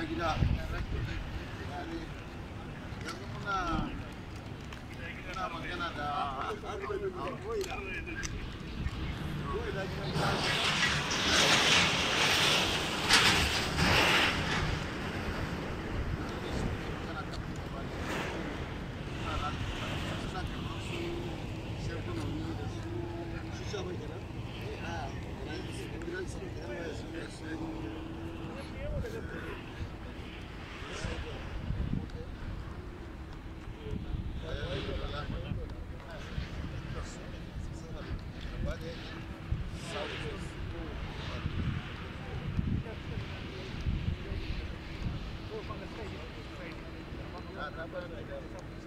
na gida yanzu muna muna magana da Gracias.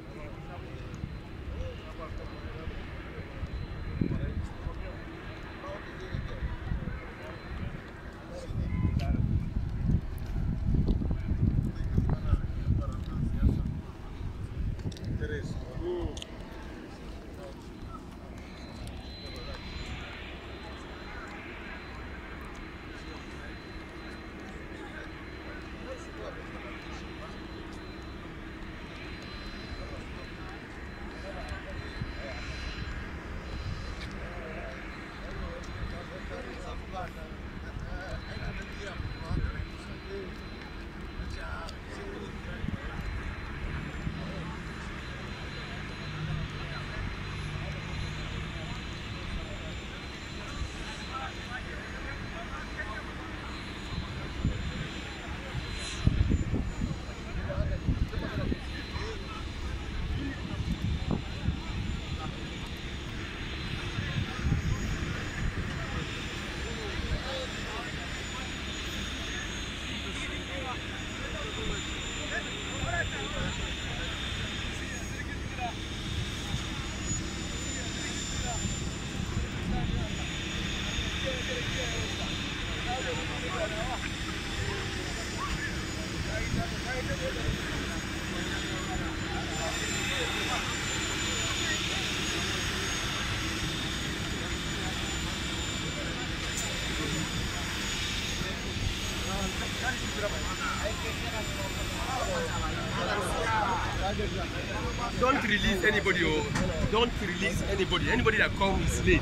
Don't release anybody. Oh. Don't release anybody. Anybody that comes is late.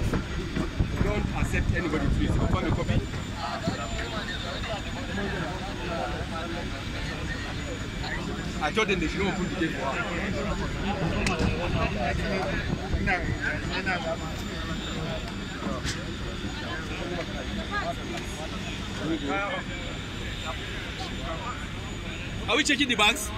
don't accept anybody, please. Open the copy. I told them they shouldn't pas the gate Are we checking the bags?